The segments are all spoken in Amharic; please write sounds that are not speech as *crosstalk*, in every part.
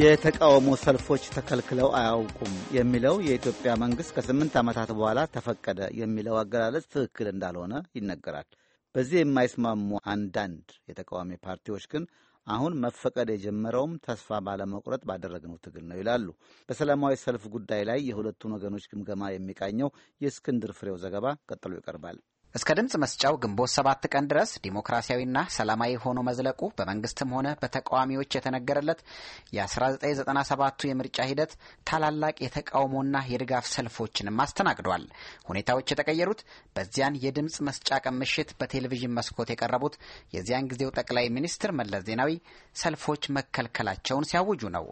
የተቃውሞ ሰልፎች ተከልክለው አያውቁም የሚለው የኢትዮጵያ መንግሥት ከስምንት ዓመታት በኋላ ተፈቀደ የሚለው አገላለጽ ትክክል እንዳልሆነ ይነገራል። በዚህ የማይስማሙ አንዳንድ የተቃዋሚ ፓርቲዎች ግን አሁን መፈቀድ የጀመረውም ተስፋ ባለመቁረጥ ባደረግነው ትግል ነው ይላሉ። በሰላማዊ ሰልፍ ጉዳይ ላይ የሁለቱን ወገኖች ግምገማ የሚቃኘው የእስክንድር ፍሬው ዘገባ ቀጥሎ ይቀርባል። እስከ ድምፅ መስጫው ግንቦት ሰባት ቀን ድረስ ዲሞክራሲያዊና ሰላማዊ ሆኖ መዝለቁ በመንግስትም ሆነ በተቃዋሚዎች የተነገረለት የ1997ቱ የምርጫ ሂደት ታላላቅ የተቃውሞና የድጋፍ ሰልፎችንም አስተናግዷል። ሁኔታዎች የተቀየሩት በዚያን የድምፅ መስጫ ቀን ምሽት በቴሌቪዥን መስኮት የቀረቡት የዚያን ጊዜው ጠቅላይ ሚኒስትር መለስ ዜናዊ ሰልፎች መከልከላቸውን ሲያውጁ ነው።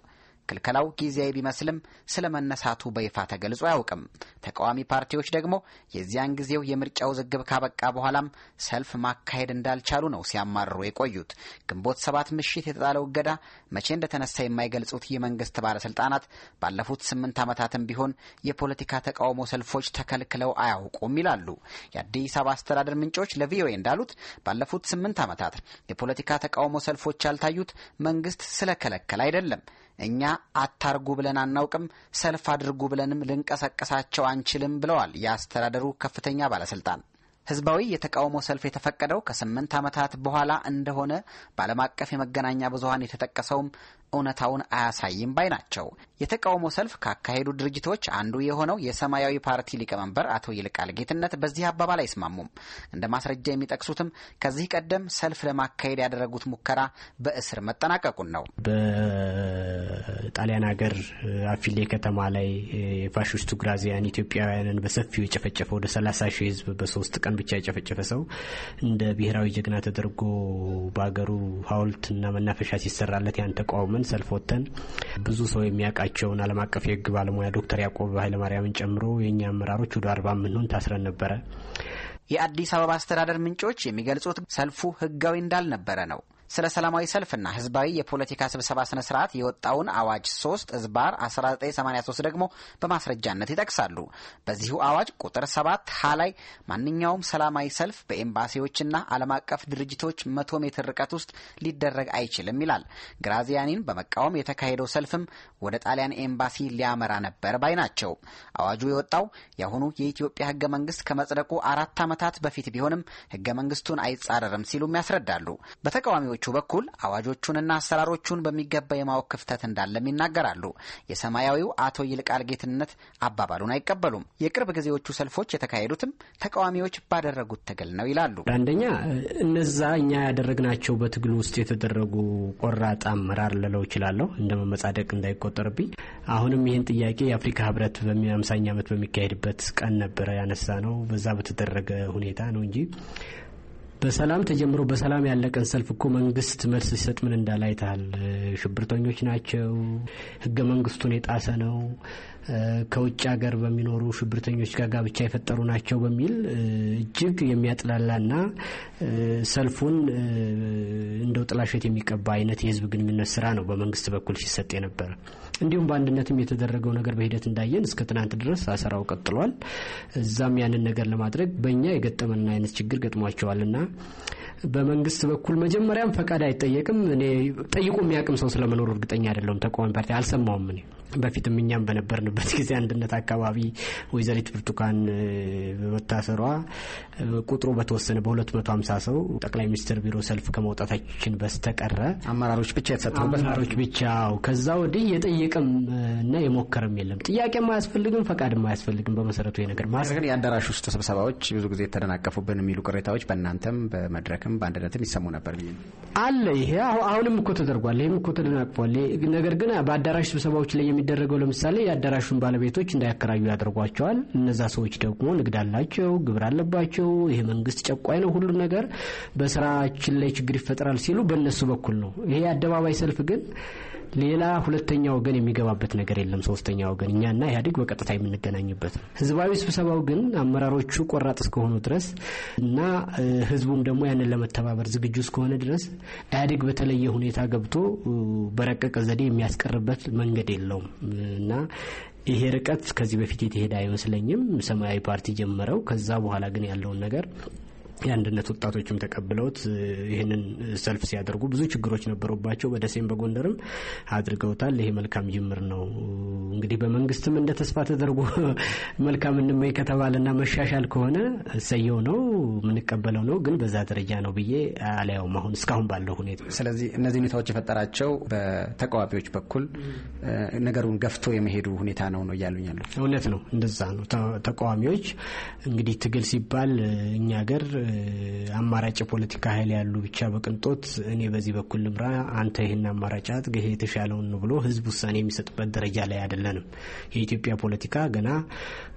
ክልከላው ጊዜያዊ ቢመስልም ስለ መነሳቱ በይፋ ተገልጾ አያውቅም። ተቃዋሚ ፓርቲዎች ደግሞ የዚያን ጊዜው የምርጫ ውዝግብ ካበቃ በኋላም ሰልፍ ማካሄድ እንዳልቻሉ ነው ሲያማርሩ የቆዩት። ግንቦት ሰባት ምሽት የተጣለው እገዳ መቼ እንደተነሳ የማይገልጹት የመንግስት ባለስልጣናት ባለፉት ስምንት ዓመታትም ቢሆን የፖለቲካ ተቃውሞ ሰልፎች ተከልክለው አያውቁም ይላሉ። የአዲስ አበባ አስተዳደር ምንጮች ለቪኦኤ እንዳሉት ባለፉት ስምንት ዓመታት የፖለቲካ ተቃውሞ ሰልፎች ያልታዩት መንግስት ስለከለከለ አይደለም። እኛ አታርጉ ብለን አናውቅም፣ ሰልፍ አድርጉ ብለንም ልንቀሰቀሳቸው አንችልም ብለዋል የአስተዳደሩ ከፍተኛ ባለስልጣን። ህዝባዊ የተቃውሞ ሰልፍ የተፈቀደው ከስምንት ዓመታት በኋላ እንደሆነ በዓለም አቀፍ የመገናኛ ብዙሀን የተጠቀሰውም እውነታውን አያሳይም ባይ ናቸው። የተቃውሞ ሰልፍ ካካሄዱ ድርጅቶች አንዱ የሆነው የሰማያዊ ፓርቲ ሊቀመንበር አቶ ይልቃል ጌትነት በዚህ አባባል አይስማሙም። እንደ ማስረጃ የሚጠቅሱትም ከዚህ ቀደም ሰልፍ ለማካሄድ ያደረጉት ሙከራ በእስር መጠናቀቁን ነው። በጣሊያን ሀገር አፊሌ ከተማ ላይ የፋሽስቱ ግራዚያን ኢትዮጵያውያንን በሰፊው የጨፈጨፈ ወደ ሰላሳ ሺህ ህዝብ በሶስት ቀን ኢትዮጵያን ብቻ የጨፈጨፈ ሰው እንደ ብሔራዊ ጀግና ተደርጎ በሀገሩ ሀውልትና መናፈሻ ሲሰራለት ያን ተቃውመን ሰልፍ ወጥተን ብዙ ሰው የሚያውቃቸውን ዓለም አቀፍ የህግ ባለሙያ ዶክተር ያዕቆብ ኃይለማርያምን ጨምሮ የእኛ አመራሮች ወደ አርባ ምንሆን ታስረን ነበረ። የአዲስ አበባ አስተዳደር ምንጮች የሚገልጹት ሰልፉ ህጋዊ እንዳልነበረ ነው። ስለ ሰላማዊ ሰልፍና ህዝባዊ የፖለቲካ ስብሰባ ስነ ስርዓት የወጣውን አዋጅ 3 ህዝባር 1983 ደግሞ በማስረጃነት ይጠቅሳሉ። በዚሁ አዋጅ ቁጥር 7 ሀ ላይ ማንኛውም ሰላማዊ ሰልፍ በኤምባሲዎችና ዓለም አቀፍ ድርጅቶች መቶ ሜትር ርቀት ውስጥ ሊደረግ አይችልም ይላል። ግራዚያኒን በመቃወም የተካሄደው ሰልፍም ወደ ጣሊያን ኤምባሲ ሊያመራ ነበር ባይ ናቸው። አዋጁ የወጣው የአሁኑ የኢትዮጵያ ህገ መንግስት ከመጽደቁ አራት ዓመታት በፊት ቢሆንም ህገ መንግስቱን አይጻረርም ሲሉም ያስረዳሉ። በተቃዋሚዎች በተቃዋሚዎቹ በኩል አዋጆቹንና አሰራሮቹን በሚገባ የማወቅ ክፍተት እንዳለም ይናገራሉ። የሰማያዊው አቶ ይልቃል ጌትነት አባባሉን አይቀበሉም። የቅርብ ጊዜዎቹ ሰልፎች የተካሄዱትም ተቃዋሚዎች ባደረጉት ትግል ነው ይላሉ። አንደኛ እነዛ እኛ ያደረግናቸው በትግል ውስጥ የተደረጉ ቆራጥ አመራር ልለው እችላለሁ እንደ መመጻደቅ እንዳይቆጠርብኝ። አሁንም ይህን ጥያቄ የአፍሪካ ህብረት በሚያምሳኝ ዓመት በሚካሄድበት ቀን ነበረ ያነሳ ነው። በዛ በተደረገ ሁኔታ ነው እንጂ በሰላም ተጀምሮ በሰላም ያለቀን ሰልፍ እኮ መንግስት መልስ ሲሰጥ ምን እንዳላይታል ሽብርተኞች ናቸው፣ ህገ መንግስቱን የጣሰ ነው፣ ከውጭ ሀገር በሚኖሩ ሽብርተኞች ጋር ጋብቻ የፈጠሩ ናቸው በሚል እጅግ የሚያጥላላና ሰልፉን እንደው ጥላሸት የሚቀባ አይነት የህዝብ ግንኙነት ስራ ነው በመንግስት በኩል ሲሰጥ የነበረ። እንዲሁም በአንድነትም የተደረገው ነገር በሂደት እንዳየን እስከ ትናንት ድረስ አሰራው ቀጥሏል። እዛም ያንን ነገር ለማድረግ በእኛ የገጠመና አይነት ችግር ገጥሟቸዋልና በመንግስት በኩል መጀመሪያም ፈቃድ አይጠየቅም። እኔ ጠይቆ የሚያቅም ሰው ስለመኖሩ እርግጠኛ አይደለሁም። ተቃዋሚ ፓርቲ አልሰማውም። እኔ በፊትም እኛም በነበርንበት ጊዜ አንድነት አካባቢ ወይዘሪት ብርቱካን በመታሰሯ ቁጥሩ በተወሰነ በ250 ሰው ጠቅላይ ሚኒስትር ቢሮ ሰልፍ ከመውጣታችን በስተቀረ አመራሮች ብቻ የተሰጠበት አመራሮች ብቻ ከዛ ወዲህ የጠየቀም እና የሞከረም የለም። ጥያቄም አያስፈልግም፣ ፈቃድም አያስፈልግም። በመሰረቱ ነገር ግን የአዳራሽ ውስጥ ስብሰባዎች ብዙ ጊዜ የተደናቀፉብን የሚሉ ቅሬታዎች በእናንተም በመድረክም በአንድነትም ይሰሙ ነበር አለ። ይሄ አሁንም እኮ ተደርጓል። ይህም እኮ ተደናቅፏል። ነገር ግን በአዳራሽ ስብሰባዎች ላይ የሚደረገው ለምሳሌ የአዳራሹን ባለቤቶች እንዳያከራዩ ያደርጓቸዋል። እነዛ ሰዎች ደግሞ ንግድ አላቸው፣ ግብር አለባቸው ነው፣ ይሄ መንግስት ጨቋኝ ነው፣ ሁሉ ነገር በስራችን ላይ ችግር ይፈጥራል ሲሉ በእነሱ በኩል ነው። ይሄ አደባባይ ሰልፍ ግን ሌላ ሁለተኛ ወገን የሚገባበት ነገር የለም። ሶስተኛ ወገን እኛና ኢህአዴግ በቀጥታ የምንገናኝበት ነው። ህዝባዊ ስብሰባው ግን አመራሮቹ ቆራጥ እስከሆኑ ድረስ እና ህዝቡም ደግሞ ያንን ለመተባበር ዝግጁ እስከሆነ ድረስ ኢህአዴግ በተለየ ሁኔታ ገብቶ በረቀቀ ዘዴ የሚያስቀርበት መንገድ የለውም እና ይሄ ርቀት ከዚህ በፊት የተሄደ አይመስለኝም። ሰማያዊ ፓርቲ ጀመረው። ከዛ በኋላ ግን ያለውን ነገር የአንድነት ወጣቶችም ተቀብለውት ይህንን ሰልፍ ሲያደርጉ ብዙ ችግሮች ነበሩባቸው። በደሴም በጎንደርም አድርገውታል። ይሄ መልካም ጅምር ነው። እንግዲህ በመንግስትም እንደ ተስፋ ተደርጎ *laughs* መልካም እንመኝ ከተባለና መሻሻል ከሆነ እሰየው ነው፣ የምንቀበለው ነው። ግን በዛ ደረጃ ነው ብዬ አላየውም አሁን እስካሁን ባለው ሁኔታ። ስለዚህ እነዚህ ሁኔታዎች የፈጠራቸው በተቃዋሚዎች በኩል ነገሩን ገፍቶ የመሄዱ ሁኔታ ነው ነው እያሉኝ ያሉት እውነት ነው። እንደዛ ነው። ተቃዋሚዎች እንግዲህ ትግል ሲባል እኛ ሀገር አማራጭ የፖለቲካ ኃይል ያሉ ብቻ በቅንጦት እኔ በዚህ በኩል ልምራ፣ አንተ ይህን አማራጭ አድርግ፣ ይሄ የተሻለውን ብሎ ህዝብ ውሳኔ የሚሰጥበት ደረጃ ላይ አይደለንም። የኢትዮጵያ ፖለቲካ ገና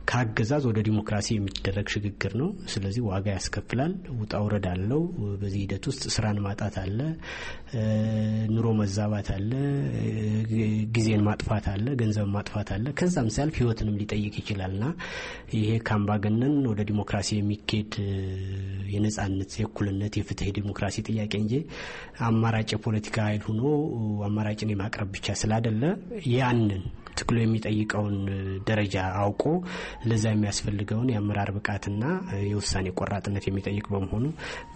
ከአገዛዝ ወደ ዲሞክራሲ የሚደረግ ሽግግር ነው። ስለዚህ ዋጋ ያስከፍላል፣ ውጣ ውረድ አለው። በዚህ ሂደት ውስጥ ስራን ማጣት አለ፣ ኑሮ መዛባት አለ፣ ጊዜን ማጥፋት አለ፣ ገንዘብ ማጥፋት አለ። ከዛም ሲያልፍ ህይወትንም ሊጠይቅ ይችላልና ይሄ ከአምባገነን ወደ ዲሞክራሲ የሚኬድ የነጻነት፣ የእኩልነት፣ የፍትህ ዲሞክራሲ ጥያቄ እንጂ አማራጭ የፖለቲካ ኃይል ሆኖ አማራጭን የማቅረብ ብቻ ስላደለ ያንን ትክሎ የሚጠይቀውን ደረጃ አውቆ ለዛ የሚያስፈልገውን የአመራር ብቃትና የውሳኔ ቆራጥነት የሚጠይቅ በመሆኑ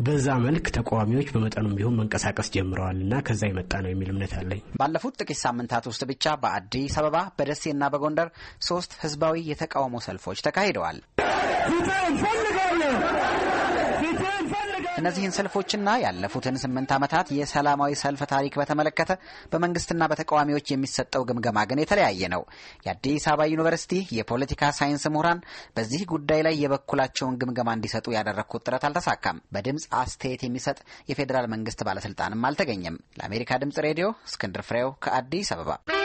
በዛ መልክ ተቃዋሚዎች በመጠኑም ቢሆን መንቀሳቀስ ጀምረዋል እና ከዛ የመጣ ነው የሚል እምነት አለኝ። ባለፉት ጥቂት ሳምንታት ውስጥ ብቻ በአዲስ አበባ በደሴና በጎንደር ሶስት ህዝባዊ የተቃውሞ ሰልፎች ተካሂደዋል። እነዚህን ሰልፎችና ያለፉትን ስምንት ዓመታት የሰላማዊ ሰልፍ ታሪክ በተመለከተ በመንግስትና በተቃዋሚዎች የሚሰጠው ግምገማ ግን የተለያየ ነው። የአዲስ አበባ ዩኒቨርሲቲ የፖለቲካ ሳይንስ ምሁራን በዚህ ጉዳይ ላይ የበኩላቸውን ግምገማ እንዲሰጡ ያደረግኩት ጥረት አልተሳካም። በድምፅ አስተያየት የሚሰጥ የፌዴራል መንግስት ባለስልጣንም አልተገኘም። ለአሜሪካ ድምፅ ሬዲዮ እስክንድር ፍሬው ከአዲስ አበባ